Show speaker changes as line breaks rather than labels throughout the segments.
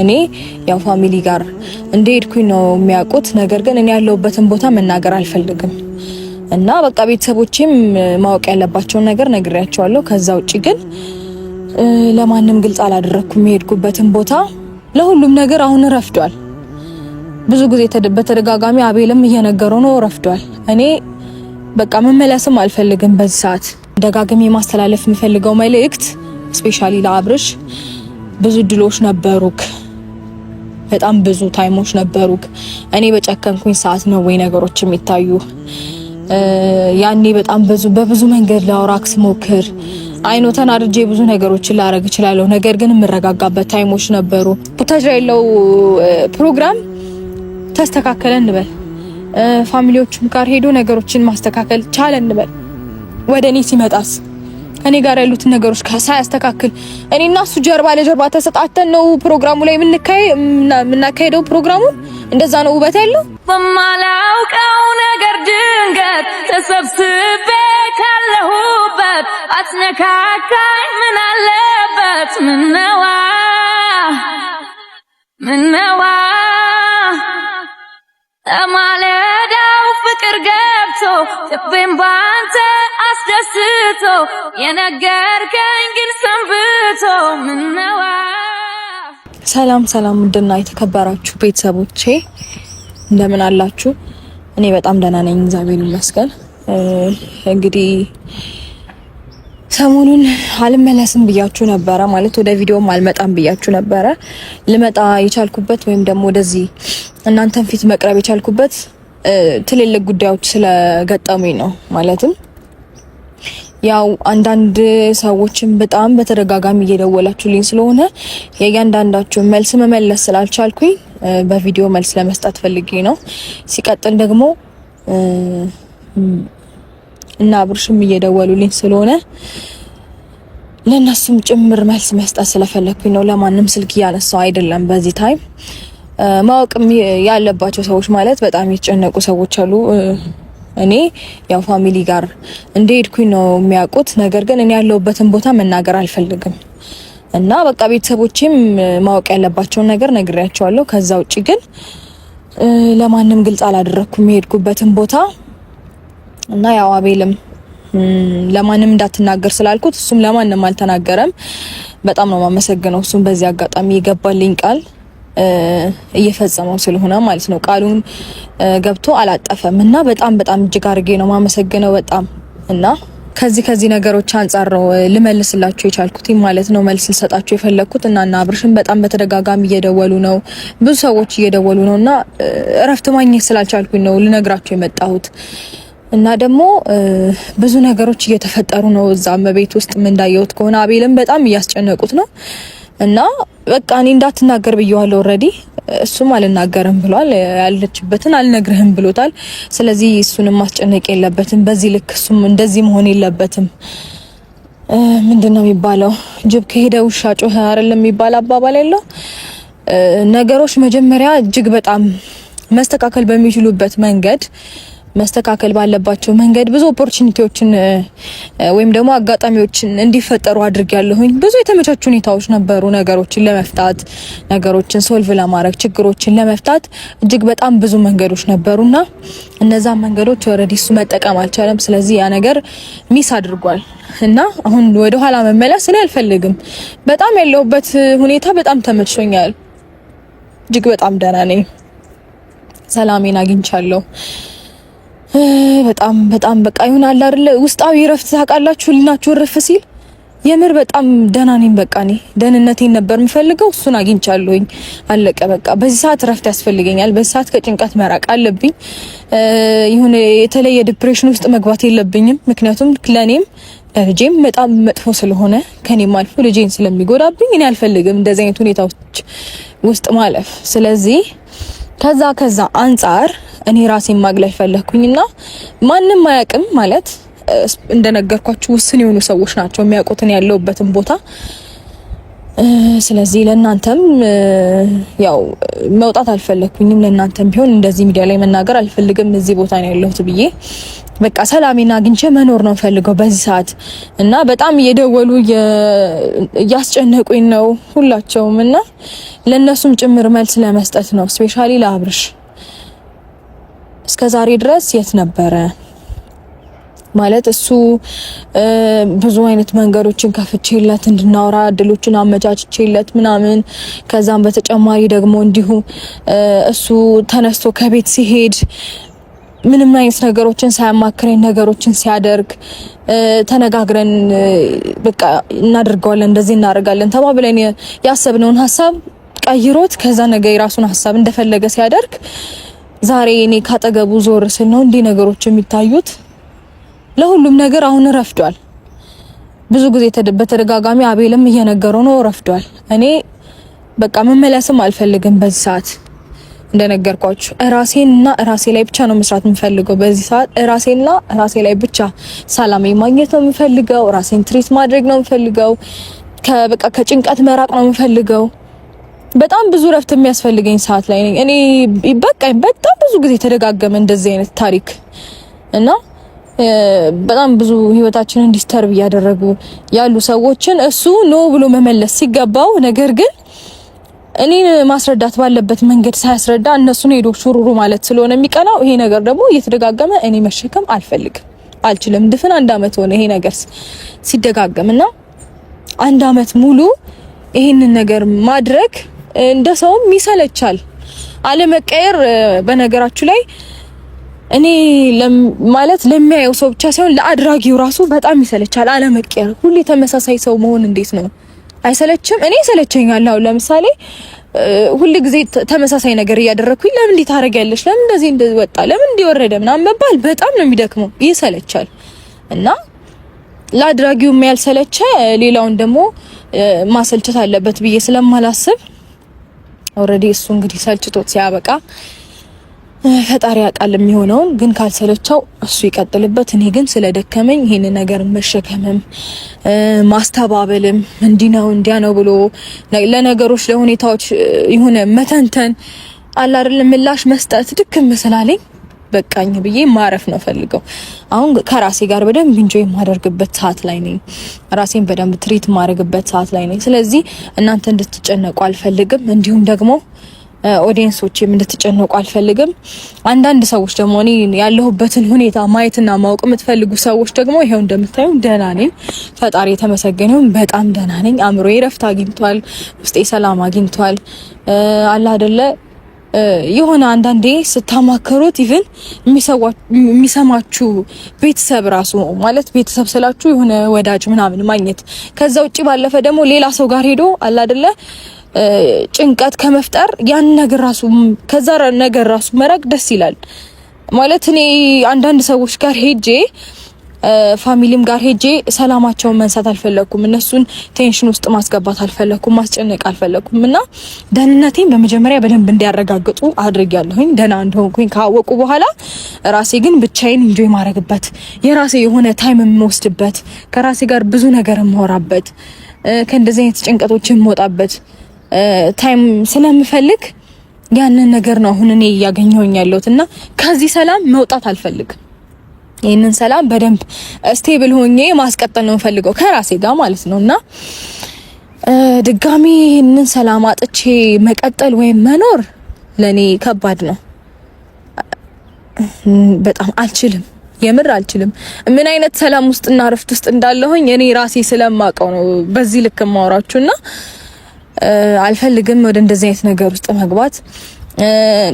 እኔ ያው ፋሚሊ ጋር እንደሄድኩኝ ነው የሚያውቁት። ነገር ግን እኔ ያለሁበትን ቦታ መናገር አልፈልግም እና በቃ ቤተሰቦቼም ማወቅ ያለባቸውን ነገር ነግሬያቸዋለሁ። ከዛ ውጭ ግን ለማንም ግልጽ አላደረኩም የሚሄድኩበትን ቦታ። ለሁሉም ነገር አሁን ረፍዷል። ብዙ ጊዜ በተደጋጋሚ አቤልም እየነገረው ነው ረፍዷል። እኔ በቃ መመለስም አልፈልግም በዚህ ሰዓት። ደጋግሜ ማስተላለፍ የምፈልገው መልእክት ስፔሻሊ ለአብርሽ ብዙ ድሎች ነበሩክ፣ በጣም ብዙ ታይሞች ነበሩክ። እኔ በጨከንኩኝ ሰዓት ነው ወይ ነገሮች የሚታዩ? ያኔ በጣም ብዙ በብዙ መንገድ ላውራክ ስሞክር አይኖተን አድርጄ ብዙ ነገሮችን ላረግ እችላለሁ። ነገር ግን የምረጋጋበት ታይሞች ነበሩ። ቡታጅራ ያለው ፕሮግራም ተስተካከለ እንበል፣ ፋሚሊዎቹም ጋር ሄዶ ነገሮችን ማስተካከል ቻለ እንበል። ወደ እኔ ሲመጣስ እኔ ጋር ያሉትን ነገሮች ሳያስተካክል እኔ እና እሱ ጀርባ ለጀርባ ተሰጣተን ነው ፕሮግራሙ ላይ የምናካሄደው። ፕሮግራሙ እንደዛ ነው ውበት ያለው። በማላውቀው ነገር ድንገት ተሰብስቤ ካለሁበት አትነካካኝ፣ ምን አለበት? ምነዋ ምነዋ ማለት ፍቅር ገብቶ ልቤን ባንተ አስደስቶ የነገርከኝ ግን ሰንብቶ ምነዋ። ሰላም ሰላም፣ ምንድና የተከበራችሁ ቤተሰቦቼ እንደምን አላችሁ? እኔ በጣም ደህና ነኝ፣ እግዚአብሔር ይመስገን። እንግዲህ ሰሞኑን አልመለስም ብያችሁ ነበረ፣ ማለት ወደ ቪዲዮም አልመጣም ብያችሁ ነበረ። ልመጣ የቻልኩበት ወይም ደግሞ ወደዚህ እናንተን ፊት መቅረብ የቻልኩበት ትልልቅ ጉዳዮች ስለገጠሙኝ ነው። ማለትም ያው አንዳንድ ሰዎችን በጣም በተደጋጋሚ እየደወላችሁልኝ ስለሆነ የእያንዳንዳችሁን መልስ መመለስ ስላልቻልኩኝ በቪዲዮ መልስ ለመስጠት ፈልጌ ነው። ሲቀጥል ደግሞ እና አብርሽም እየደወሉልኝ ስለሆነ ለእነሱም ጭምር መልስ መስጠት ስለፈለግኩኝ ነው። ለማንም ስልክ እያነሳው አይደለም በዚህ ታይም ማወቅ ያለባቸው ሰዎች ማለት በጣም የተጨነቁ ሰዎች አሉ። እኔ ያው ፋሚሊ ጋር እንደሄድኩኝ ነው የሚያውቁት። ነገር ግን እኔ ያለሁበትን ቦታ መናገር አልፈልግም እና በቃ ቤተሰቦቼም ማወቅ ያለባቸውን ነገር ነግሬያቸዋለሁ። ከዛ ውጭ ግን ለማንም ግልጽ አላደረኩም የሄድኩበትን ቦታ እና ያው አቤልም ለማንም እንዳትናገር ስላልኩት እሱም ለማንም አልተናገረም። በጣም ነው የማመሰግነው እሱም በዚህ አጋጣሚ የገባልኝ ቃል እየፈጸመው ስለሆነ ማለት ነው። ቃሉን ገብቶ አላጠፈም እና በጣም በጣም እጅግ አድርጌ ነው ማመሰግነው በጣም እና ከዚህ ከዚህ ነገሮች አንጻር ነው ልመልስላችሁ የቻልኩት ማለት ነው። መልስ ልሰጣችሁ የፈለግኩት እና እና አብርሽን በጣም በተደጋጋሚ እየደወሉ ነው፣ ብዙ ሰዎች እየደወሉ ነው እና እረፍት ማግኘት ስላልቻልኩኝ ነው ልነግራችሁ የመጣሁት እና ደግሞ ብዙ ነገሮች እየተፈጠሩ ነው እዛ መቤት ውስጥ እንዳየሁት ከሆነ አቤልም በጣም እያስጨነቁት ነው። እና በቃ እኔ እንዳትናገር ብየዋለሁ ኦልሬዲ። እሱም አልናገርም ብሏል። ያለችበትን አልነግርህም ብሎታል። ስለዚህ እሱንም ማስጨነቅ የለበትም በዚህ ልክ፣ እሱም እንደዚህ መሆን የለበትም። ምንድን ነው የሚባለው? ጅብ ከሄደ ውሻ ጮኸ አይደለም የሚባል አባባል ያለው ነገሮች መጀመሪያ እጅግ በጣም መስተካከል በሚችሉበት መንገድ መስተካከል ባለባቸው መንገድ ብዙ ኦፖርቹኒቲዎችን ወይም ደግሞ አጋጣሚዎችን እንዲፈጠሩ አድርጊያለሁኝ። ብዙ የተመቻቹ ሁኔታዎች ነበሩ፣ ነገሮችን ለመፍታት ነገሮችን ሶልቭ ለማድረግ ችግሮችን ለመፍታት እጅግ በጣም ብዙ መንገዶች ነበሩና እነዛ መንገዶች ኦልሬዲ እሱ መጠቀም አልቻለም። ስለዚህ ያ ነገር ሚስ አድርጓል እና አሁን ወደ ኋላ መመለስ እኔ አልፈልግም። በጣም ያለሁበት ሁኔታ በጣም ተመችቶኛል። እጅግ በጣም ደህና ነኝ። ሰላሜን አግኝቻለሁ። በጣም በጣም በቃ ይሁን አለ አይደለ ውስጣዊ እረፍት ታውቃላችሁ። ልናችሁ እረፍ ሲል የምር በጣም ደህና ነኝ። በቃ እኔ ደህንነቴን ነበር የምፈልገው፣ እሱን አግኝቻለሁኝ። አለቀ በቃ። በዚህ ሰዓት እረፍት ያስፈልገኛል። በዚህ ሰዓት ከጭንቀት መራቅ አለብኝ። ይሁን የተለየ ዲፕሬሽን ውስጥ መግባት የለብኝም። ምክንያቱም ለእኔም ለልጄም በጣም መጥፎ ስለሆነ ከኔም አልፎ ልጄን ስለሚጎዳብኝ እኔ አልፈልግም እንደዚህ አይነት ሁኔታዎች ውስጥ ማለፍ። ስለዚህ ከዛ ከዛ አንጻር እኔ ራሴን ማግለል ፈለግኩኝና ማንም አያውቅም ማለት እንደነገርኳችሁ ውስን የሆኑ ሰዎች ናቸው የሚያውቁትን ያለውበትን ቦታ። ስለዚህ ለእናንተም ያው መውጣት አልፈለግኩኝም። ለእናንተም ቢሆን እንደዚህ ሚዲያ ላይ መናገር አልፈልግም እዚህ ቦታ ነው ያለሁት ብዬ በቃ ሰላሜን አግኝቼ መኖር ነው ፈልገው በዚህ ሰዓት እና በጣም እየደወሉ እያስጨነቁኝ ነው ሁላቸውም እና ለእነሱም ጭምር መልስ ለመስጠት ነው። ስፔሻሊ ለአብርሽ እስከ ዛሬ ድረስ የት ነበረ ማለት እሱ ብዙ አይነት መንገዶችን ከፍቼለት እንድናወራ እድሎችን አመቻችቼለት ምናምን ከዛም በተጨማሪ ደግሞ እንዲሁ እሱ ተነስቶ ከቤት ሲሄድ ምንም አይነት ነገሮችን ሳያማክረኝ ነገሮችን ሲያደርግ ተነጋግረን በቃ እናደርገዋለን እንደዚህ እናደርጋለን ተባብለን ያሰብነውን ሀሳብ ቀይሮት ከዛ ነገ የራሱን ሀሳብ እንደፈለገ ሲያደርግ ዛሬ እኔ ካጠገቡ ዞር ስል ነው እንዲህ ነገሮች የሚታዩት። ለሁሉም ነገር አሁን ረፍዷል። ብዙ ጊዜ በተደጋጋሚ አቤልም እየነገረው ነው ረፍዷል። እኔ በቃ መመለስም አልፈልግም በዚህ ሰዓት እንደነገርኳችሁ ራሴና ራሴ ላይ ብቻ ነው መስራት የምፈልገው። በዚህ ሰዓት ራሴና ራሴ ላይ ብቻ ሰላም ማግኘት ነው የምፈልገው። ራሴን ትሪት ማድረግ ነው የምፈልገው። ከበቃ ከጭንቀት መራቅ ነው የምፈልገው። በጣም ብዙ ረፍት የሚያስፈልገኝ ሰዓት ላይ ነኝ እኔ። በቃ በጣም ብዙ ጊዜ ተደጋገመ እንደዚህ አይነት ታሪክ እና በጣም ብዙ ህይወታችንን ዲስተርብ እያደረጉ ያሉ ሰዎችን እሱ ኖ ብሎ መመለስ ሲገባው ነገር ግን እኔን ማስረዳት ባለበት መንገድ ሳያስረዳ እነሱን ሄዶ ሹሩሩ ማለት ስለሆነ የሚቀናው ይሄ ነገር ደግሞ እየተደጋገመ እኔ መሸከም አልፈልግም፣ አልችልም። ድፍን አንድ አመት ሆነ ይሄ ነገር ሲደጋገም እና አንድ አመት ሙሉ ይሄንን ነገር ማድረግ እንደ ሰውም ይሰለቻል። አለመቀየር በነገራችሁ ላይ እኔ ማለት ለሚያየው ሰው ብቻ ሳይሆን ለአድራጊው ራሱ በጣም ይሰለቻል። አለመቀየር ሁሌ ተመሳሳይ ሰው መሆን እንዴት ነው? አይሰለችም? እኔ ይሰለቸኛል። አሁን ለምሳሌ ሁል ጊዜ ተመሳሳይ ነገር እያደረኩኝ ለምን እንዲህ ታደርጊያለሽ? ለምን እንደዚህ እንደወጣ ለምን እንዲወረደ ምናምን መባል በጣም ነው የሚደክመው፣ ይሰለቻል። እና ለአድራጊውም ያልሰለቸ ሌላውን ደግሞ ማሰልቸት አለበት ብዬ ስለማላስብ ኦልሬዲ እሱ እንግዲህ ሰልችቶት ሲያበቃ ፈጣሪ ያውቃል የሚሆነውን። ግን ካልሰለቸው እሱ ይቀጥልበት። እኔ ግን ስለደከመኝ ይህን ነገር መሸከምም ማስተባበልም እንዲህ ነው እንዲያ ነው ብሎ ለነገሮች ለሁኔታዎች የሆነ መተንተን አለ ምላሽ መስጠት ድክም ስላለኝ በቃኝ ብዬ ማረፍ ነው ፈልገው። አሁን ከራሴ ጋር በደንብ እንጆ የማደርግበት ሰዓት ላይ ነኝ። ራሴን በደንብ ትሪት የማደርግበት ሰዓት ላይ ነኝ። ስለዚህ እናንተ እንድትጨነቁ አልፈልግም። እንዲሁም ደግሞ ኦዲንሶች እንድትጨነቁ አልፈልግም። አንዳንድ ሰዎች ደግሞ እኔ ያለሁበትን ሁኔታ ማየትና ማወቅ የምትፈልጉ ሰዎች ደግሞ ይሄው እንደምታዩ ደህና ነኝ፣ ፈጣሪ የተመሰገነውን በጣም ደህና ነኝ። አእምሮ ረፍት አግኝቷል፣ ውስጤ ሰላም አግኝቷል። አለ አይደለ የሆነ አንዳንዴ ስታማከሩት ኢቭን የሚሰማችሁ ቤተሰብ ራሱ ማለት ቤተሰብ ስላችሁ የሆነ ወዳጅ ምናምን ማግኘት ከዛ ውጭ ባለፈ ደግሞ ሌላ ሰው ጋር ሄዶ አለ አይደለ ጭንቀት ከመፍጠር ያን ነገር ራሱ ከዛ ነገር ራሱ መራቅ ደስ ይላል። ማለት እኔ አንዳንድ ሰዎች ጋር ሄጄ ፋሚሊም ጋር ሄጄ ሰላማቸውን መንሳት አልፈለኩም። እነሱን ቴንሽን ውስጥ ማስገባት አልፈለኩም፣ ማስጨነቅ አልፈለኩም እና ደህንነቴን በመጀመሪያ በደንብ እንዲያረጋግጡ አድርጊያለሁኝ። ደህና እንደሆንኩኝ ካወቁ በኋላ ራሴ ግን ብቻዬን እንጆይ ማድረግበት የራሴ የሆነ ታይም የምወስድበት ከራሴ ጋር ብዙ ነገር የምወራበት ከእንደዚህ አይነት ጭንቀቶች የምወጣበት ታይም ስለምፈልግ ያንን ነገር ነው አሁን እኔ እያገኘሁኝ ያለሁት እና ከዚህ ሰላም መውጣት አልፈልግም። ይህንን ሰላም በደንብ ስቴብል ሆኜ ማስቀጠል ነው የምፈልገው ከራሴ ጋር ማለት ነው እና ድጋሚ ይህንን ሰላም አጥቼ መቀጠል ወይም መኖር ለኔ ከባድ ነው። በጣም አልችልም፣ የምር አልችልም። ምን አይነት ሰላም ውስጥና እረፍት ውስጥ እንዳለሁኝ እኔ ራሴ ስለማውቀው ነው በዚህ ልክ የማወራችሁና አልፈልግም ወደ እንደዚህ አይነት ነገር ውስጥ መግባት።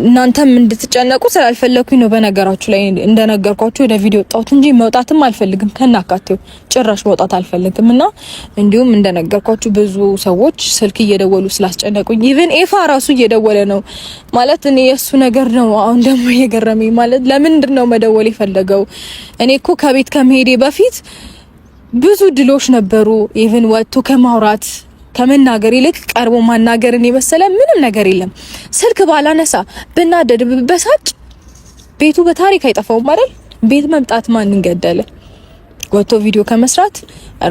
እናንተም እንድትጨነቁ ስላልፈለኩኝ ነው። በነገራችሁ ላይ እንደነገርኳችሁ ወደ ቪዲዮ ወጣሁት እንጂ መውጣትም አልፈልግም። ከናካቴው ጭራሽ መውጣት አልፈልግም እና እንዲሁም እንደነገርኳችሁ ብዙ ሰዎች ስልክ እየደወሉ ስላስጨነቁኝ፣ ኢቭን ኤፋ ራሱ እየደወለ ነው ማለት እኔ የእሱ ነገር ነው። አሁን ደግሞ እየገረመኝ ማለት ለምንድን ነው መደወል የፈለገው? እኔ እኮ ከቤት ከመሄዴ በፊት ብዙ ድሎች ነበሩ ኢቭን ወጥቶ ከማውራት ከመናገር ይልቅ ቀርቦ ማናገርን የመሰለ ምንም ነገር የለም። ስልክ ባላነሳ ብናደድ ብበሳጭ ቤቱ በታሪክ አይጠፋውም አይደል? ቤት መምጣት ማንን ገደለ? ወጥቶ ቪዲዮ ከመስራት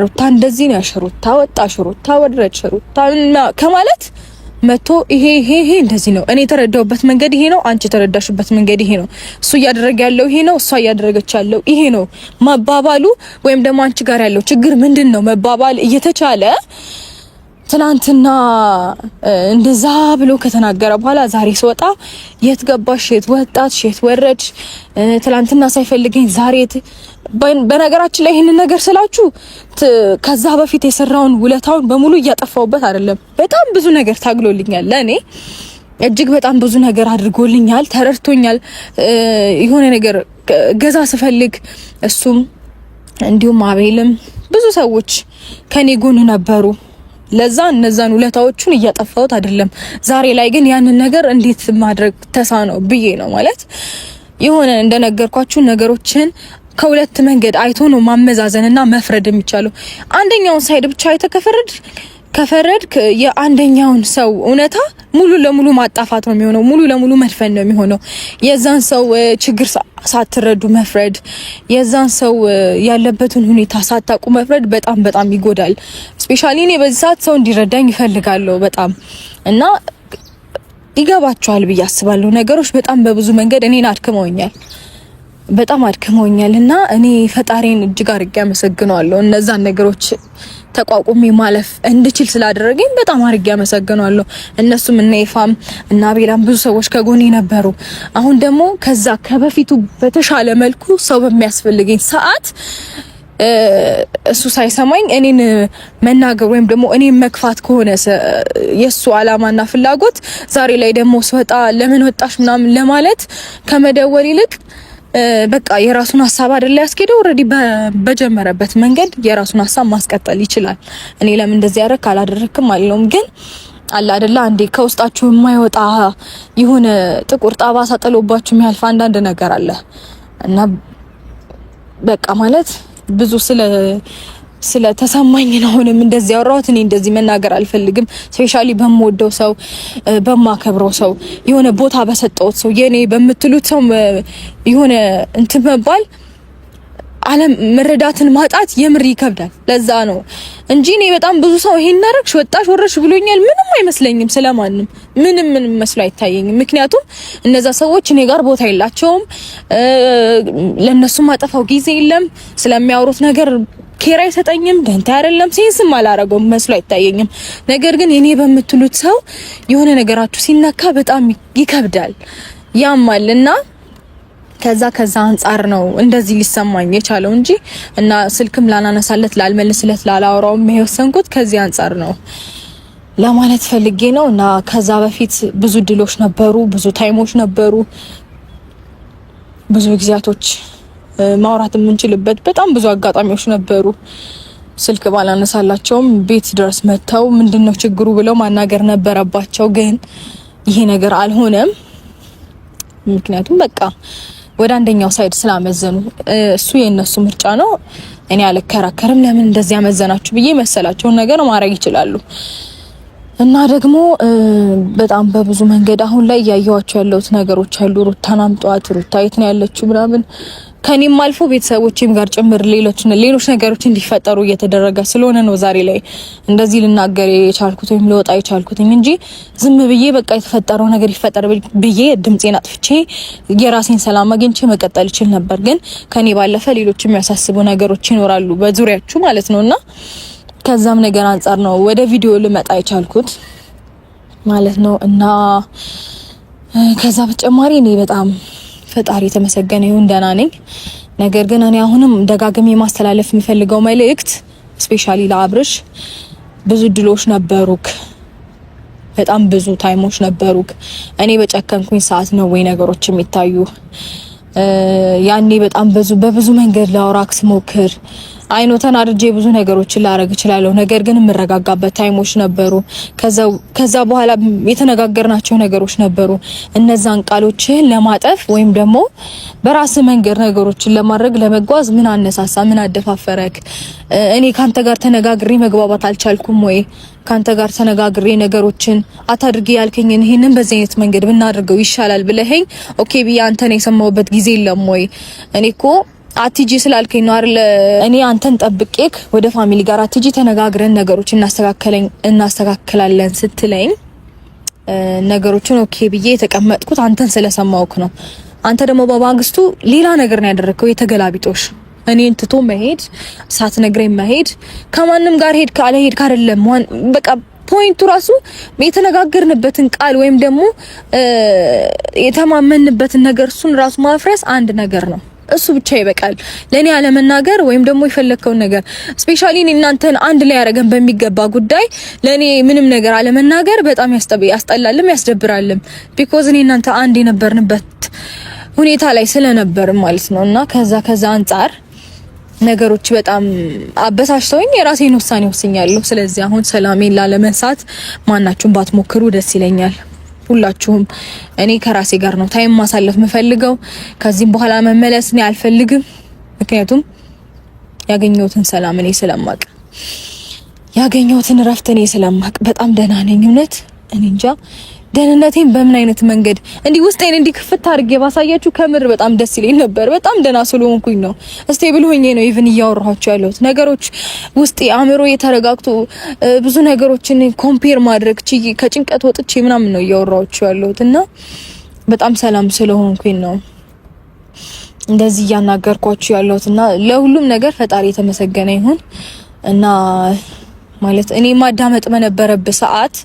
ሩታ እንደዚህ ነው ያሽሩታ ወጣ ሽሩታ ወረድ ሽሩታ ከማለት መቶ ይሄ ይሄ ይሄ እንደዚህ ነው፣ እኔ የተረዳሁበት መንገድ ይሄ ነው፣ አንቺ የተረዳሽበት መንገድ ይሄ ነው፣ እሱ እያደረገ ያለው ይሄ ነው፣ እሷ እያደረገች ያለው ይሄ ነው መባባሉ ወይም ደግሞ አንቺ ጋር ያለው ችግር ምንድን ነው መባባል እየተቻለ ትናንትና እንደዛ ብሎ ከተናገረ በኋላ ዛሬ ስወጣ የት ገባሽ፣ የት ወጣትሽ፣ የት ወረድሽ፣ ትናንትና ሳይፈልገኝ ዛሬ። በነገራችን ላይ ይህንን ነገር ስላችሁ ከዛ በፊት የሰራውን ውለታውን በሙሉ እያጠፋውበት አይደለም። በጣም ብዙ ነገር ታግሎልኛል ለእኔ እጅግ በጣም ብዙ ነገር አድርጎልኛል፣ ተረድቶኛል። የሆነ ነገር ገዛ ስፈልግ እሱም እንዲሁም አቤልም ብዙ ሰዎች ከኔ ጎን ነበሩ። ለዛ እነዛን ውለታዎቹን እያጠፋሁት አይደለም። ዛሬ ላይ ግን ያንን ነገር እንዴት ማድረግ ተሳነው ብዬ ነው ማለት የሆነ እንደነገርኳችሁ ነገሮችን ከሁለት መንገድ አይቶ ነው ማመዛዘንና መፍረድ የሚቻለው። አንደኛውን ሳይድ ብቻ አይተህ ከፈረድክ የአንደኛውን ሰው እውነታ ሙሉ ለሙሉ ማጣፋት ነው የሚሆነው። ሙሉ ለሙሉ መድፈን ነው የሚሆነው። የዛን ሰው ችግር ሳትረዱ መፍረድ፣ የዛን ሰው ያለበትን ሁኔታ ሳታውቁ መፍረድ በጣም በጣም ይጎዳል። ስፔሻሊ እኔ በዚህ ሰዓት ሰው እንዲረዳኝ ይፈልጋለሁ በጣም እና ይገባቸዋል ብዬ አስባለሁ። ነገሮች በጣም በብዙ መንገድ እኔን አድክመውኛል፣ በጣም አድክመውኛል እና እኔ ፈጣሪን እጅግ አድርጌ አመሰግነዋለሁ እነዛን ነገሮች ተቋቁሜ ማለፍ እንድችል ስላደረገኝ በጣም አድርጌ አመሰግናለሁ። እነሱም እነ ኢፋም እና ቤላም ብዙ ሰዎች ከጎኔ ነበሩ። አሁን ደግሞ ከዛ ከበፊቱ በተሻለ መልኩ ሰው በሚያስፈልገኝ ሰዓት እሱ ሳይሰማኝ እኔን መናገር ወይም ደግሞ እኔን መክፋት ከሆነ የእሱ አላማና ፍላጎት ዛሬ ላይ ደግሞ ስወጣ ለምን ወጣሽ ምናምን ለማለት ከመደወል ይልቅ በቃ የራሱን ሀሳብ አይደለ ያስኬደው። ኦልሬዲ በጀመረበት መንገድ የራሱን ሀሳብ ማስቀጠል ይችላል። እኔ ለምን እንደዚህ ያደረክ አላደረክም አለውም ግን አለ አይደለ አንዴ ከውስጣችሁ የማይወጣ የሆነ ጥቁር ጣባሳ ጥሎባችሁ የሚያልፍ አንዳንድ ነገር አለ እና በቃ ማለት ብዙ ስለ ስለ ተሰማኝ ነው። አሁንም እንደዚህ ያወራሁት እኔ እንደዚህ መናገር አልፈልግም። ስፔሻሊ በምወደው ሰው፣ በማከብረው ሰው፣ የሆነ ቦታ በሰጠሁት ሰው፣ የኔ በምትሉት ሰው የሆነ እንትን መባል አለም መረዳትን ማጣት የምር ይከብዳል። ለዛ ነው እንጂ እኔ በጣም ብዙ ሰው ይሄን አደረግሽ፣ ወጣሽ፣ ወረሽ ብሎኛል። ምንም አይመስለኝም ስለማንም ምንም ምንም መስሎ አይታየኝም። ምክንያቱም እነዛ ሰዎች እኔ ጋር ቦታ የላቸውም፣ ለነሱ ማጠፋው ጊዜ የለም ስለሚያወሩት ነገር ኬር አይሰጠኝም። ደንታ አይደለም። ሴንስም አላረገውም መስሎ አይታየኝም። ነገር ግን እኔ በምትሉት ሰው የሆነ ነገራችሁ ሲነካ በጣም ይከብዳል፣ ያማል እና ከዛ ከዛ አንጻር ነው እንደዚህ ሊሰማኝ የቻለው እንጂ እና ስልክም ላናነሳለት፣ ላልመልስለት፣ ላላወራውም የወሰንኩት ከዚህ አንጻር ነው ለማለት ፈልጌ ነው። እና ከዛ በፊት ብዙ ድሎች ነበሩ፣ ብዙ ታይሞች ነበሩ፣ ብዙ ጊዜያቶች ማውራት የምንችልበት በጣም ብዙ አጋጣሚዎች ነበሩ። ስልክ ባላነሳላቸውም ቤት ድረስ መጥተው ምንድነው ችግሩ ብለው ማናገር ነበረባቸው። ግን ይሄ ነገር አልሆነም። ምክንያቱም በቃ ወደ አንደኛው ሳይድ ስላመዘኑ እሱ የእነሱ ምርጫ ነው። እኔ አልከራከርም። ለምን እንደዚህ ያመዘናችሁ ብዬ መሰላቸውን ነገር ማድረግ ይችላሉ። እና ደግሞ በጣም በብዙ መንገድ አሁን ላይ እያየዋቸው ያለሁት ነገሮች አሉ። ሩታን አምጧት፣ ሩታ የት ነው ያለችው ምናምን ከኔም አልፎ ቤተሰቦቼም ጋር ጭምር ሌሎች ሌሎች ነገሮች እንዲፈጠሩ እየተደረገ ስለሆነ ነው ዛሬ ላይ እንደዚህ ልናገር የቻልኩት ወይም ልወጣ የቻልኩት እንጂ ዝም ብዬ በቃ የተፈጠረው ነገር ይፈጠር ብዬ ድምፄን አጥፍቼ የራሴን ሰላም አግኝቼ መቀጠል ይችል ነበር። ግን ከኔ ባለፈ ሌሎች የሚያሳስቡ ነገሮች ይኖራሉ በዙሪያችሁ ማለት ነው እና ከዛም ነገር አንጻር ነው ወደ ቪዲዮ ልመጣ የቻልኩት ማለት ነው እና ከዛ በተጨማሪ እኔ በጣም ፈጣሪ የተመሰገነ ይሁን ደህና ነኝ። ነገር ግን እኔ አሁንም ደጋግሜ ማስተላለፍ የሚፈልገው መልእክት ስፔሻሊ ለአብርሽ ብዙ እድሎች ነበሩክ፣ በጣም ብዙ ታይሞች ነበሩክ። እኔ በጨከንኩኝ ሰዓት ነው ወይ ነገሮች የሚታዩ? ያኔ በጣም ብዙ በብዙ መንገድ ላውራክስ ሞክር አይኖ ተናድጄ ብዙ ነገሮችን ላረግ እችላለሁ። ነገር ግን የምረጋጋበት ታይሞች ነበሩ። ከዛ በኋላ የተነጋገርናቸው ነገሮች ነበሩ። እነዛን ቃሎችህን ለማጠፍ ወይም ደግሞ በራስ መንገድ ነገሮችን ለማድረግ ለመጓዝ ምን አነሳሳ? ምን አደፋፈረክ? እኔ ካንተ ጋር ተነጋግሬ መግባባት አልቻልኩም ወይ? ካንተ ጋር ተነጋግሬ ነገሮችን አታድርግ ያልከኝን ይህንን በዚህ አይነት መንገድ ብናደርገው ይሻላል ብለኸኝ ኦኬ ብዬ አንተን የሰማሁበት ጊዜ የለም ወይ? እኔ እኮ አትጂ ስላልከኝ ነው አይደል? እኔ አንተን ጠብቄክ ወደ ፋሚሊ ጋር አትጂ ተነጋግረን ነገሮች እናስተካከለን እናስተካክላለን ስትለኝ ነገሮችን ኦኬ ብዬ የተቀመጥኩት አንተን ስለሰማውክ ነው። አንተ ደግሞ በማግስቱ ሌላ ነገር ነው ያደረግከው። የተገላቢጦሽ እኔን ትቶ መሄድ፣ ሳትነግረኝ መሄድ፣ ከማንም ጋር ሄድክ አልሄድክ አይደለም በቃ ፖይንቱ ራሱ የተነጋገርንበትን ቃል ወይም ደግሞ የተማመንበትን ነገር እሱን ራሱ ማፍረስ አንድ ነገር ነው። እሱ ብቻ ይበቃል ለኔ አለመናገር ወይም ደግሞ የፈለግከውን ነገር ስፔሻሊ እናንተን አንድ ላይ ያደረገን በሚገባ ጉዳይ ለኔ ምንም ነገር አለመናገር በጣም ያስጠላልም ያስደብራልም። ቢኮዝ እኔ እናንተ አንድ የነበርንበት ሁኔታ ላይ ስለነበር ማለት ነው እና ከዛ ከዛ አንጻር ነገሮች በጣም አበሳሽተውኝ የራሴን ውሳኔ ወስኛለሁ። ስለዚህ አሁን ሰላሜን ላለመንሳት ማናችሁን ባትሞክሩ ደስ ይለኛል። ሁላችሁም እኔ ከራሴ ጋር ነው ታይም ማሳለፍ የምፈልገው። ከዚህም በኋላ መመለስ እኔ አልፈልግም። ምክንያቱም ያገኘሁትን ሰላም እኔ ስለማቅ፣ ያገኘሁትን እረፍት እኔ ስለማቅ በጣም ደህና ነኝ። እውነት እኔ እንጃ ደህንነቴን በምን አይነት መንገድ እንዲህ ውስጤን እንዲህ ክፍት አድርጌ ባሳያችሁ ከምር በጣም ደስ ይለኝ ነበር። በጣም ደህና ስለሆንኩኝ ነው፣ ስቴብል ሆኜ ነው ኢቭን እያወራኋችሁ ያለሁት። ነገሮች ውስጤ አእምሮ የተረጋግቶ ብዙ ነገሮችን ኮምፔር ማድረግ ችዬ ከጭንቀት ወጥቼ ምናምን ነው እያወራኋችሁ ያለሁት እና በጣም ሰላም ስለሆንኩኝ ነው እንደዚህ እያናገርኳችሁ ያለሁት እና ለሁሉም ነገር ፈጣሪ የተመሰገነ ይሁን እና ማለት እኔ ማዳመጥ በነበረብህ ሰዓት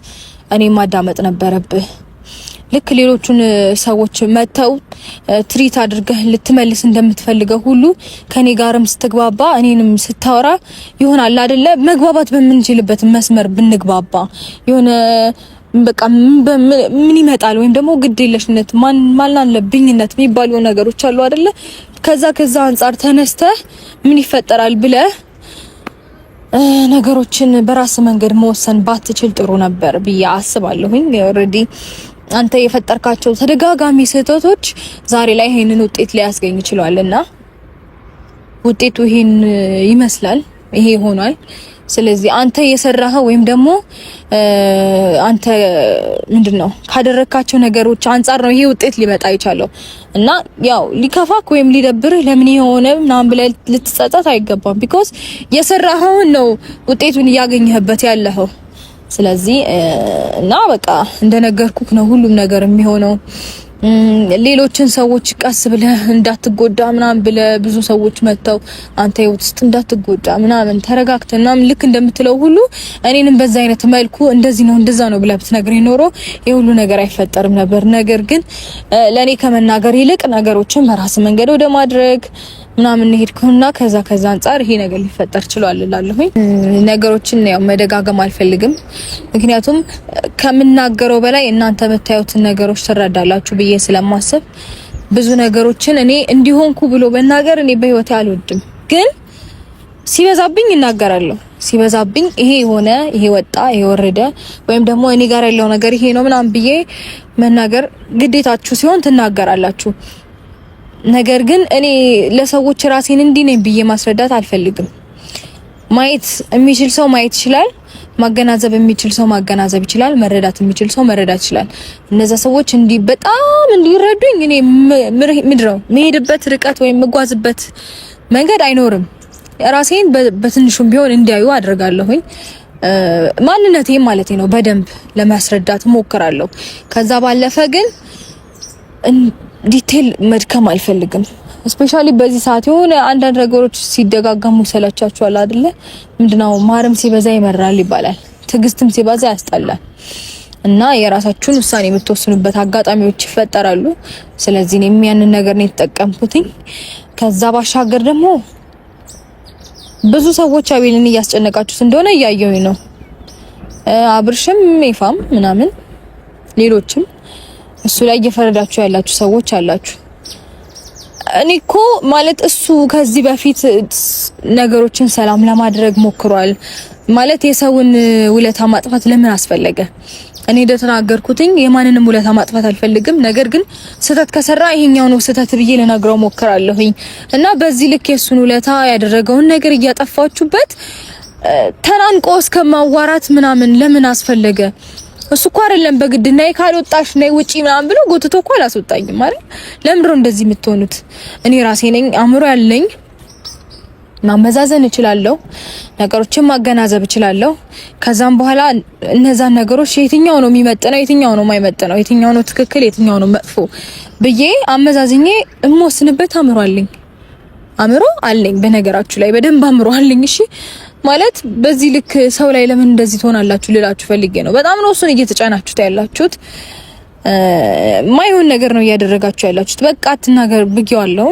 እኔ ማዳመጥ ነበረብህ። ልክ ሌሎቹን ሰዎች መተው ትሪት አድርገህ ልትመልስ እንደምትፈልገው ሁሉ ከኔ ጋርም ስትግባባ እኔንም ስታወራ ይሆናል አይደለ? መግባባት በምንችልበት መስመር ብንግባባ የሆነ በቃ ምን ይመጣል? ወይም ደግሞ ግድ የለሽነት ማን የሚባሉ ነገሮች አሉ አይደለ? ከዛ ከዛ አንጻር ተነስተህ ምን ይፈጠራል ብለህ ነገሮችን በራስ መንገድ መወሰን ባትችል ጥሩ ነበር ብዬ አስባለሁኝ። ኦልሬዲ አንተ የፈጠርካቸው ተደጋጋሚ ስህተቶች ዛሬ ላይ ይሄንን ውጤት ሊያስገኝ ይችላል እና ውጤቱ ይሄን ይመስላል። ይሄ ሆኗል። ስለዚህ አንተ የሰራኸው ወይም ደግሞ አንተ ምንድን ነው ካደረካቸው ነገሮች አንጻር ነው ይሄ ውጤት ሊመጣ የቻለው እና ያው ሊከፋክ ወይም ሊደብርህ ለምን የሆነ ምናምን ብለህ ልትጸጸት አይገባም። ቢኮዝ የሰራኸውን ነው ውጤቱን እያገኘህበት ያለኸው። ስለዚህ እና በቃ እንደነገርኩክ ነው ሁሉም ነገር የሚሆነው። ሌሎችን ሰዎች ቀስ ብለህ እንዳትጎዳ ምናምን ብለህ ብዙ ሰዎች መጥተው አንተ ህይወት ውስጥ እንዳትጎዳ ምናምን ተረጋግተህ ምናምን ልክ እንደምትለው ሁሉ እኔንም በዛ አይነት መልኩ እንደዚህ ነው እንደዛ ነው ብለህ ብትነግረኝ ኖሮ የሁሉ ነገር አይፈጠርም ነበር። ነገር ግን ለእኔ ከመናገር ይልቅ ነገሮችን በራስ መንገድ ወደ ማድረግ ምናምን ሄድኩና ከዛ ከዛ አንጻር ይሄ ነገር ሊፈጠር ችሏል እላለሁኝ። ነገሮችን ያው መደጋገም አልፈልግም፣ ምክንያቱም ከምናገረው በላይ እናንተ የምታዩትን ነገሮች ትረዳላችሁ ብዬ ስለማስብ ብዙ ነገሮችን እኔ እንዲሆንኩ ብሎ መናገር እኔ በህይወቴ አልወድም፣ ግን ሲበዛብኝ እናገራለሁ። ሲበዛብኝ ይሄ የሆነ ይሄ ወጣ ይሄ ወረደ ወይም ደግሞ እኔ ጋር ያለው ነገር ይሄ ነው ምናምን ብዬ መናገር ግዴታችሁ ሲሆን ትናገራላችሁ። ነገር ግን እኔ ለሰዎች ራሴን እንዲህ ነኝ ብዬ ማስረዳት አልፈልግም። ማየት የሚችል ሰው ማየት ይችላል። ማገናዘብ የሚችል ሰው ማገናዘብ ይችላል። መረዳት የሚችል ሰው መረዳት ይችላል። እነዛ ሰዎች እንዲህ በጣም እንዲረዱኝ እኔ ምድረው መሄድበት ርቀት ወይም መጓዝበት መንገድ አይኖርም። ራሴን በትንሹም ቢሆን እንዲያዩ አድርጋለሁኝ። ማንነቴም ማለት ነው በደንብ ለማስረዳት ሞክራለሁ። ከዛ ባለፈ ግን ዲቴል መድከም አልፈልግም። ስፔሻሊ በዚህ ሰዓት የሆነ አንዳንድ ነገሮች ሲደጋገሙ ይሰላቻችኋል አይደለ? ምንድነው ማርም ሲበዛ ይመራል ይባላል። ትዕግስትም ሲበዛ ያስጠላል። እና የራሳችሁን ውሳኔ የምትወስኑበት አጋጣሚዎች ይፈጠራሉ። ስለዚህ እኔም ያንን ነገር ነው የተጠቀምኩትኝ። ከዛ ባሻገር ደግሞ ብዙ ሰዎች አቤልን እያስጨነቃችሁት እንደሆነ እያየሁኝ ነው። አብርሽም፣ ይፋም ምናምን ሌሎችም እሱ ላይ እየፈረዳችሁ ያላችሁ ሰዎች አላችሁ። እኔ እኮ ማለት እሱ ከዚህ በፊት ነገሮችን ሰላም ለማድረግ ሞክሯል። ማለት የሰውን ውለታ ማጥፋት ለምን አስፈለገ? እኔ እንደተናገርኩትኝ የማንንም ውለታ ማጥፋት አልፈልግም። ነገር ግን ስህተት ከሰራ ይሄኛው ነው ስህተት ብዬ ልነግረው ሞክራለሁኝ እና በዚህ ልክ የሱን ውለታ ያደረገውን ነገር እያጠፋችሁበት ተናንቆ እስከ ማዋራት ምናምን ለምን አስፈለገ? እሱ እኮ አይደለም በግድ ነይ ካልወጣሽ ነይ ውጪ ምናምን ብሎ ጎትቶ እኮ አላስወጣኝም አይደል? ለምንድን እንደዚህ የምትሆኑት? እኔ ራሴ ነኝ አእምሮ ያለኝ ማመዛዘን እችላለሁ። ነገሮችን ማገናዘብ እችላለሁ። ከዛም በኋላ እነዛን ነገሮች የትኛው ነው የሚመጥነው፣ የትኛው ነው የማይመጥነው፣ የትኛው ነው ትክክል፣ የትኛው ነው መጥፎ ብዬ አመዛዝኜ እምወስንበት አእምሮ አለኝ። አእምሮ አለኝ። በነገራችሁ ላይ በደንብ አእምሮ አለኝ። እሺ ማለት በዚህ ልክ ሰው ላይ ለምን እንደዚህ ትሆናላችሁ ልላችሁ ፈልጌ ነው። በጣም ነው እሱን እየተጫናችሁት ያላችሁት። ማይሆን ነገር ነው እያደረጋችሁ ያላችሁት። በቃ አትናገር ብዬዋለሁ።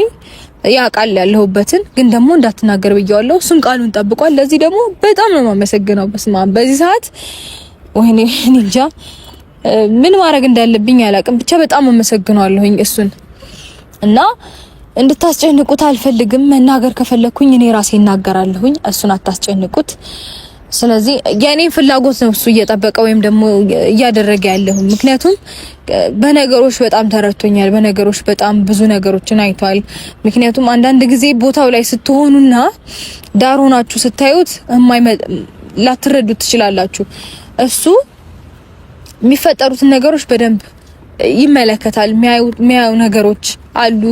ያ ቃል ያለሁበትን ግን ደግሞ እንዳትናገር ብዬዋለሁ። እሱን ቃሉን ጠብቋል። ለዚህ ደግሞ በጣም ነው የማመሰግነው። በስማ በዚህ ሰዓት ወይኔ እንጃ ምን ማድረግ እንዳለብኝ አላቅም። ብቻ በጣም አመሰግነዋለሁኝ እሱን እና እንድታስጨንቁት አልፈልግም። መናገር ከፈለኩኝ እኔ ራሴ እናገራለሁኝ። እሱን አታስጨንቁት። ስለዚህ የኔ ፍላጎት ነው እሱ እየጠበቀ ወይም ደግሞ እያደረገ ያለሁ። ምክንያቱም በነገሮች በጣም ተረድቶኛል። በነገሮች በጣም ብዙ ነገሮችን አይቷል። ምክንያቱም አንዳንድ ጊዜ ቦታው ላይ ስትሆኑና ዳር ሆናችሁ ስታዩት ላትረዱት ትችላላችሁ። እሱ የሚፈጠሩትን ነገሮች በደንብ ይመለከታል። የሚያዩ ነገሮች አሉ።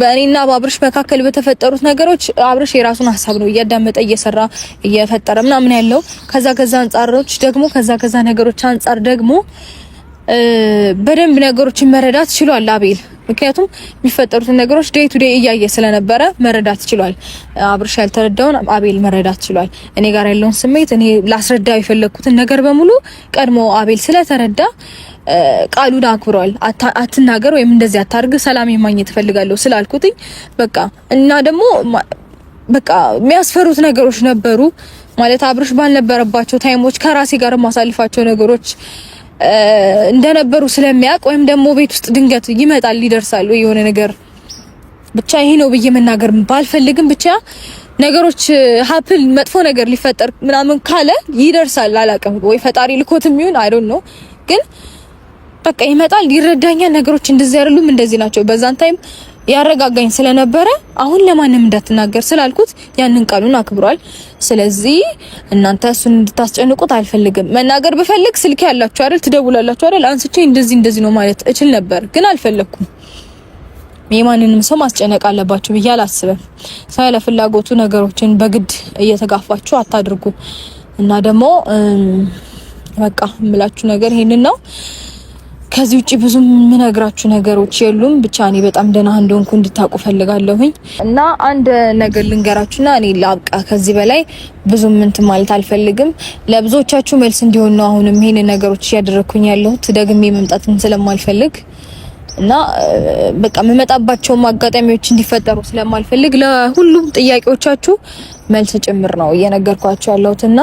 በእኔና በአብርሽ መካከል በተፈጠሩት ነገሮች አብርሽ የራሱን ሀሳብ ነው እያዳመጠ እየሰራ እየፈጠረ ምናምን ያለው ከዛ ከዛ አንጻሮች ደግሞ ከዛ ከዛ ነገሮች አንጻር ደግሞ በደንብ ነገሮችን መረዳት ችሏል አቤል። ምክንያቱም የሚፈጠሩትን ነገሮች ዴይ ቱ ዴይ እያየ ስለነበረ መረዳት ችሏል። አብርሽ ያልተረዳውን አቤል መረዳት ችሏል። እኔ ጋር ያለውን ስሜት እኔ ላስረዳው የፈለግኩትን ነገር በሙሉ ቀድሞ አቤል ስለተረዳ ቃሉን አክብሯል። አትናገር ወይም እንደዚህ አታርግ፣ ሰላም ማግኘት እፈልጋለሁ ስላልኩትኝ በቃ እና ደግሞ በቃ የሚያስፈሩት ነገሮች ነበሩ ማለት አብርሽ ባልነበረባቸው ታይሞች ከራሴ ጋር የማሳልፋቸው ነገሮች እንደነበሩ ስለሚያውቅ ወይም ደግሞ ቤት ውስጥ ድንገት ይመጣል ይደርሳል ወይ የሆነ ነገር ብቻ ይሄ ነው ብዬ መናገር ባልፈልግም ብቻ ነገሮች ሀፕል መጥፎ ነገር ሊፈጠር ምናምን ካለ ይደርሳል። አላውቅም ወይ ፈጣሪ ልኮትም ይሁን አይ ዶንት ኖ ግን በቃ ይመጣል፣ ይረዳኛል። ነገሮች እንደዚህ አይደሉም እንደዚህ ናቸው። በዛን ታይም ያረጋጋኝ ስለነበረ አሁን ለማንም እንዳትናገር ስላልኩት ያንን ቃሉን አክብሯል። ስለዚህ እናንተ እሱን እንድታስጨንቁት አልፈልግም። መናገር ብፈልግ ስልክ ያላችሁ አይደል ትደውላላችሁ አይደል አንስቼ እንደዚህ እንደዚህ ነው ማለት እችል ነበር፣ ግን አልፈለኩም። የማንንም ሰው ማስጨነቅ አለባችሁ ብዬ አላስብም። ስለ ፍላጎቱ ነገሮችን በግድ እየተጋፋችሁ አታድርጉ እና ደግሞ በቃ የምላችሁ ነገር ይሄንን ነው። ከዚህ ውጭ ብዙ የምነግራችሁ ነገሮች የሉም። ብቻ እኔ በጣም ደህና እንደሆንኩ እንድታውቁ ፈልጋለሁኝ እና አንድ ነገር ልንገራችሁና እኔ ላብቃ። ከዚህ በላይ ብዙ ምንት ማለት አልፈልግም። ለብዙዎቻችሁ መልስ እንዲሆን ነው አሁንም ይሄን ነገሮች እያደረግኩኝ ያለሁት ደግሜ መምጣትን ስለማልፈልግ እና በቃ የምመጣባቸውም አጋጣሚዎች እንዲፈጠሩ ስለማልፈልግ ለሁሉም ጥያቄዎቻችሁ መልስ ጭምር ነው እየነገርኳቸው ያለሁትና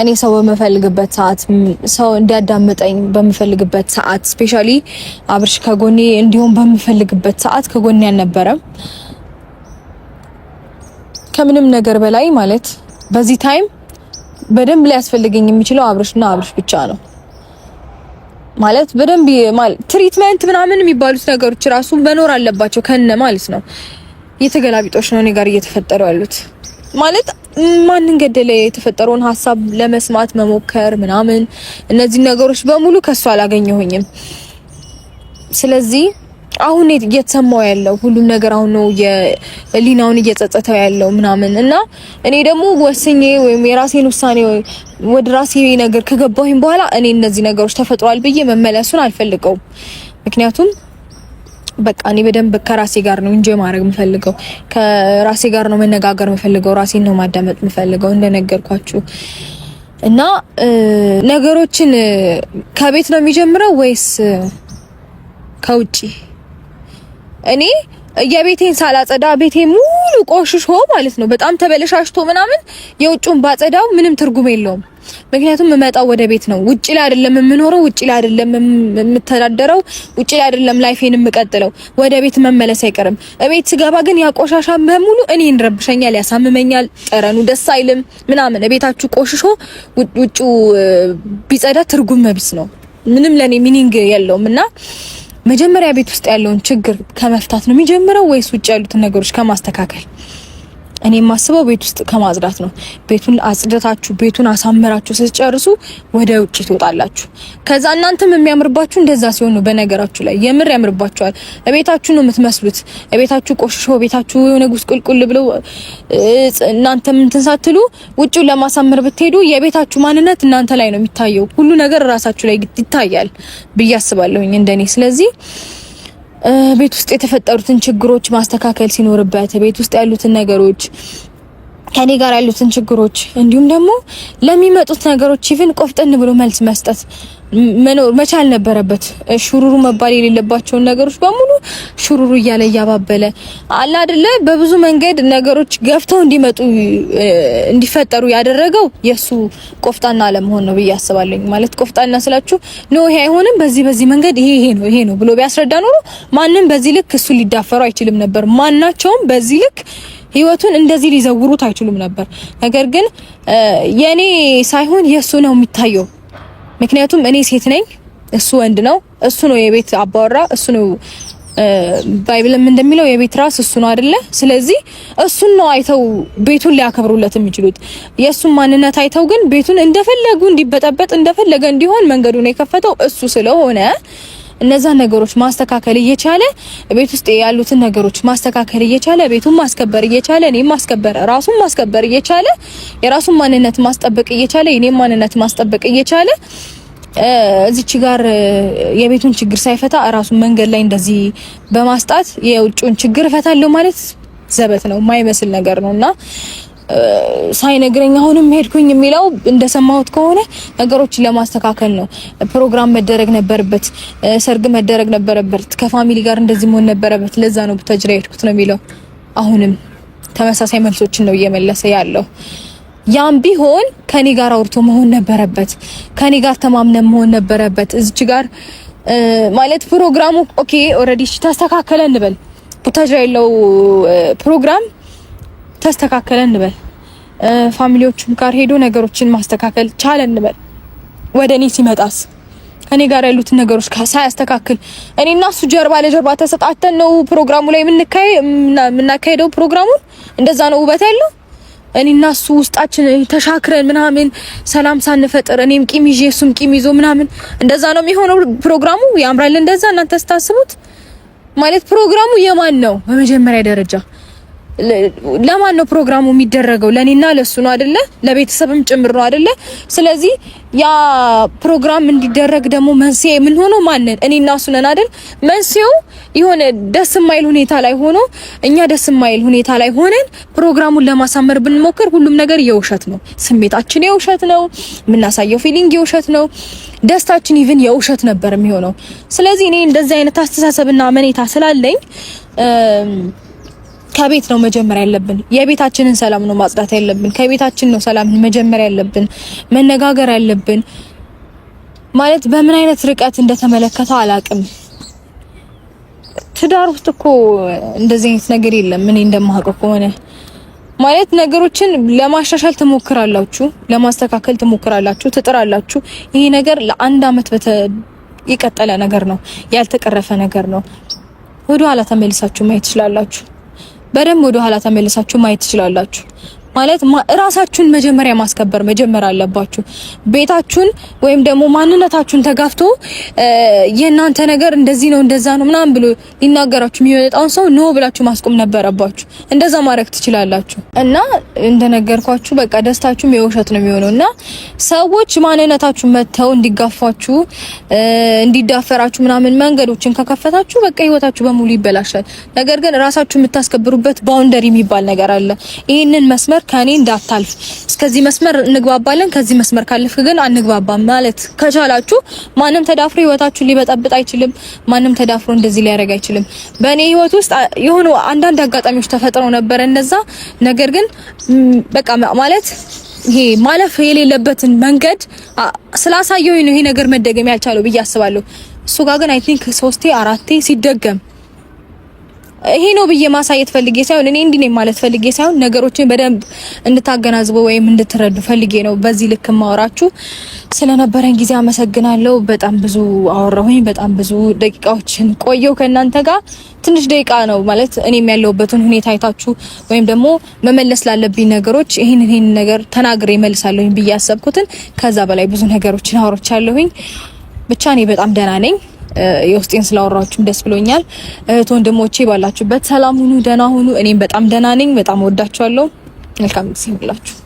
እኔ ሰው በምፈልግበት ሰዓት ሰው እንዲያዳምጠኝ በምፈልግበት ሰዓት ስፔሻሊ አብርሽ ከጎኔ እንዲሁም በምፈልግበት ሰዓት ከጎኔ አልነበረም። ከምንም ነገር በላይ ማለት በዚህ ታይም በደንብ ሊያስፈልገኝ የሚችለው አብርሽና አብርሽ ብቻ ነው ማለት በደንብ ትሪትመንት ምናምን የሚባሉት ነገሮች ራሱ መኖር አለባቸው ከነ ማለት ነው የተገላቢጦች ነው እኔ ጋር እየተፈጠሩ ያሉት ማለት ማንን ገደለ የተፈጠረውን ሀሳብ ለመስማት መሞከር ምናምን እነዚህ ነገሮች በሙሉ ከሱ አላገኘሁኝም። ስለዚህ አሁን እየተሰማው ያለው ሁሉም ነገር አሁን ነው የሊናውን እየጸጸተው ያለው ምናምን እና እኔ ደግሞ ወስኜ ወይም የራሴን ውሳኔ ወደ ራሴ ነገር ከገባሁኝ በኋላ እኔ እነዚህ ነገሮች ተፈጥሯል ብዬ መመለሱን አልፈልገውም ምክንያቱም በቃ እኔ በደንብ ከራሴ ጋር ነው እንጂ ማድረግ የምፈልገው ከራሴ ጋር ነው መነጋገር የምፈልገው ራሴን ነው ማዳመጥ የምፈልገው እንደነገርኳችሁ እና ነገሮችን ከቤት ነው የሚጀምረው ወይስ ከውጪ እኔ የቤቴን ሳላጸዳ ቤቴ ሙሉ ቆሽሾ ማለት ነው፣ በጣም ተበለሻሽቶ ምናምን የውጭውን ባጸዳው ምንም ትርጉም የለውም። ምክንያቱም የምመጣው ወደ ቤት ነው። ውጭ ላይ አይደለም የምኖረው፣ ውጭ ላይ አይደለም የምተዳደረው፣ ውጭ ላይ አይደለም ላይፌን የምቀጥለው። ወደ ቤት መመለስ አይቀርም። እቤት ስገባ ግን ያ ቆሻሻ በሙሉ እኔን ረብሸኛል፣ ያሳምመኛል፣ ጠረኑ ደስ አይልም ምናምን። እቤታችሁ ቆሽሾ ውጭው ቢጸዳ ትርጉም መቢስ ነው፣ ምንም ለኔ ሚኒንግ የለውም እና መጀመሪያ ቤት ውስጥ ያለውን ችግር ከመፍታት ነው የሚጀምረው ወይስ ውጭ ያሉትን ነገሮች ከማስተካከል እኔ የማስበው ቤት ውስጥ ከማጽዳት ነው። ቤቱን አጽድታችሁ ቤቱን አሳምራችሁ ስትጨርሱ ወደ ውጭ ትወጣላችሁ። ከዛ እናንተም የሚያምርባችሁ እንደዛ ሲሆን ነው። በነገራችሁ ላይ የምር ያምርባችኋል። ቤታችሁ ነው የምትመስሉት። ቤታችሁ ቆሽሾ፣ ቤታችሁ የሆነ ጉስቁልቁል ብለው እናንተም እንትን ሳትሉ ውጭውን ለማሳመር ብትሄዱ የቤታችሁ ማንነት እናንተ ላይ ነው የሚታየው። ሁሉ ነገር ራሳችሁ ላይ ይታያል ብዬ አስባለሁኝ እንደኔ ስለዚህ ቤት ውስጥ የተፈጠሩትን ችግሮች ማስተካከል ሲኖርበት ቤት ውስጥ ያሉትን ነገሮች ከኔ ጋር ያሉትን ችግሮች እንዲሁም ደግሞ ለሚመጡት ነገሮች ይፍን ቆፍጠን ብሎ መልስ መስጠት መኖር መቻል ነበረበት። ሹሩሩ መባል የሌለባቸውን ነገሮች በሙሉ ሹሩሩ እያለ እያባበለ አለ አይደለ? በብዙ መንገድ ነገሮች ገፍተው እንዲመጡ እንዲፈጠሩ ያደረገው የሱ ቆፍጣና አለመሆን ነው ብዬ አስባለሁ። ማለት ቆፍጣና ስላችሁ ኖ ይሄ አይሆንም፣ በዚህ በዚህ መንገድ ይሄ ይሄ ነው ይሄ ነው ብሎ ቢያስረዳ ኖሮ ማንም በዚህ ልክ እሱ ሊዳፈረው አይችልም ነበር። ማናቸውም በዚህ ልክ ህይወቱን እንደዚህ ሊዘውሩት አይችሉም ነበር። ነገር ግን የኔ ሳይሆን የሱ ነው የሚታየው። ምክንያቱም እኔ ሴት ነኝ፣ እሱ ወንድ ነው። እሱ ነው የቤት አባወራ፣ እሱ ነው ባይብልም እንደሚለው የቤት ራስ እሱ ነው አይደለ? ስለዚህ እሱን ነው አይተው ቤቱን ሊያከብሩለት የሚችሉት። የእሱን ማንነት አይተው ግን ቤቱን እንደፈለጉ እንዲበጠበጥ እንደፈለገ እንዲሆን መንገዱን የከፈተው እሱ ስለሆነ እነዛን ነገሮች ማስተካከል እየቻለ ቤት ውስጥ ያሉትን ነገሮች ማስተካከል እየቻለ ቤቱን ማስከበር እየቻለ እኔም ማስከበር ራሱን ማስከበር እየቻለ የራሱን ማንነት ማስጠበቅ እየቻለ የኔም ማንነት ማስጠበቅ እየቻለ እዚች ጋር የቤቱን ችግር ሳይፈታ ራሱን መንገድ ላይ እንደዚህ በማስጣት የውጭውን ችግር እፈታለሁ ማለት ዘበት ነው፣ የማይመስል ነገር ነውና ሳይነግረኝ አሁንም ሄድኩኝ የሚለው እንደሰማሁት ከሆነ ነገሮችን ለማስተካከል ነው። ፕሮግራም መደረግ ነበረበት፣ ሰርግ መደረግ ነበረበት፣ ከፋሚሊ ጋር እንደዚህ መሆን ነበረበት። ለዛ ነው ቡታጅራ ሄድኩት ነው የሚለው። አሁንም ተመሳሳይ መልሶችን ነው እየመለሰ ያለው። ያም ቢሆን ከኔ ጋር አውርቶ መሆን ነበረበት፣ ከኔ ጋር ተማምነ መሆን ነበረበት። እዚች ጋር ማለት ፕሮግራሙ ኦኬ ኦልሬዲ ተስተካከለ እንበል ቡታጅራ ያለው ፕሮግራም ተስተካከለ እንበል፣ ፋሚሊዎቹም ጋር ሄዶ ነገሮችን ማስተካከል ቻለ እንበል። ወደ እኔ ሲመጣስ እኔ ጋር ያሉትን ነገሮች ሳያስተካክል እኔ እና እሱ ጀርባ ለጀርባ ተሰጣተን ነው ፕሮግራሙ ላይ የምናካሄደው። ፕሮግራሙን እንደዛ ነው ውበት ያለው። እኔ እና እሱ ውስጣችን ተሻክረን ምናምን ሰላም ሳንፈጥር እኔም ቂም ይዤ እሱም ቂም ይዞ ምናምን እንደዛ ነው የሚሆነው ፕሮግራሙ። ያምራል እንደዛ እናንተ ስታስቡት ማለት ፕሮግራሙ የማን ነው በመጀመሪያ ደረጃ? ለማን ነው ፕሮግራሙ የሚደረገው? ለኔና ለሱ ነው አይደለ? ለቤተሰብም ጭምር ነው አይደለ? ስለዚህ ያ ፕሮግራም እንዲደረግ ደግሞ መንስኤ ምን ሆኖ ማንን እኔና እሱ ነን አይደል? መንስኤው የሆነ ደስ የማይል ሁኔታ ላይ ሆኖ እኛ ደስ የማይል ሁኔታ ላይ ሆነን ፕሮግራሙን ለማሳመር ብንሞክር ሁሉም ነገር የውሸት ነው። ስሜታችን የውሸት ነው። የምናሳየው ፊሊንግ የውሸት ነው። ደስታችን ኢቭን የውሸት ነበር የሚሆነው። ስለዚህ እኔ እንደዚህ አይነት አስተሳሰብና መኔታ ስላለኝ ከቤት ነው መጀመር ያለብን። የቤታችንን ሰላም ነው ማጽዳት ያለብን። ከቤታችን ነው ሰላም መጀመር ያለብን፣ መነጋገር ያለብን። ማለት በምን አይነት ርቀት እንደተመለከተው አላቅም። ትዳር ውስጥ እኮ እንደዚህ አይነት ነገር የለም። እኔ እንደማውቀው ከሆነ ማለት ነገሮችን ለማሻሻል ትሞክራላችሁ፣ ለማስተካከል ትሞክራላችሁ፣ ትጥራላችሁ። ይሄ ነገር ለአንድ አመት በተ የቀጠለ ነገር ነው፣ ያልተቀረፈ ነገር ነው። ወደ ኋላ ተመልሳችሁ ማየት ትችላላችሁ። በደንብ ወደ ኋላ ተመልሳችሁ ማየት ትችላላችሁ። ማለት እራሳችሁን መጀመሪያ ማስከበር መጀመር አለባችሁ። ቤታችሁን ወይም ደግሞ ማንነታችሁን ተጋፍቶ የእናንተ ነገር እንደዚህ ነው እንደዛ ነው ምናምን ብሎ ሊናገራችሁ የሚወጣውን ሰው ኖ ብላችሁ ማስቆም ነበረባችሁ። እንደዛ ማድረግ ትችላላችሁ። እና እንደነገርኳችሁ በቃ ደስታችሁም የውሸት ነው የሚሆነው እና ሰዎች ማንነታችሁን መተው እንዲጋፋችሁ እንዲዳፈራችሁ ምናምን መንገዶችን ከከፈታችሁ በቃ ህይወታችሁ በሙሉ ይበላሻል። ነገር ግን ራሳችሁ የምታስከብሩበት ባውንደሪ የሚባል ነገር አለ። ይህንን መስመር ከኔ እንዳታልፍ፣ እስከዚህ መስመር እንግባባለን፣ ከዚህ መስመር ካለፍክ ግን አንግባባም ማለት ከቻላችሁ። ማንም ተዳፍሮ ህይወታችሁን ሊበጠብጥ አይችልም። ማንም ተዳፍሮ እንደዚህ ሊያደርግ አይችልም። በእኔ ህይወት ውስጥ የሆኑ አንዳንድ አጋጣሚዎች ተፈጥሮ ነበረ እነዛ ነገር ግን በቃ ማለት ይሄ ማለፍ የሌለበትን መንገድ ስላሳየው ነው ይሄ ነገር መደገም ያልቻለው ብዬ አስባለሁ። እሱ ጋር ግን አይ ቲንክ ሶስቴ አራቴ ሲደገም ይሄ ነው ብዬ ማሳየት ፈልጌ ሳይሆን እኔ እንዲህ ነኝ ማለት ፈልጌ ሳይሆን ነገሮችን በደንብ እንድታገናዝቡ ወይም እንድትረዱ ፈልጌ ነው። በዚህ ልክ ማወራችሁ ስለነበረን ጊዜ አመሰግናለሁ። በጣም ብዙ አወራሁኝ። በጣም ብዙ ደቂቃዎችን ቆየው ከእናንተ ጋር ትንሽ ደቂቃ ነው ማለት እኔም ያለሁበትን ሁኔታ አይታችሁ ወይም ደግሞ መመለስ ላለብኝ ነገሮች ይህን ይህን ነገር ተናግሬ እመልሳለሁኝ ብዬ ያሰብኩትን ከዛ በላይ ብዙ ነገሮችን አወሮቻለሁኝ። ብቻ እኔ በጣም ደህና ነኝ። የውስጤን ስላወራችሁም ደስ ብሎኛል። እህት ወንድሞቼ ባላችሁበት ሰላም ሁኑ፣ ደህና ሁኑ። እኔም በጣም ደህና ነኝ። በጣም ወዳችኋለሁ። መልካም ጊዜ ይሁንላችሁ።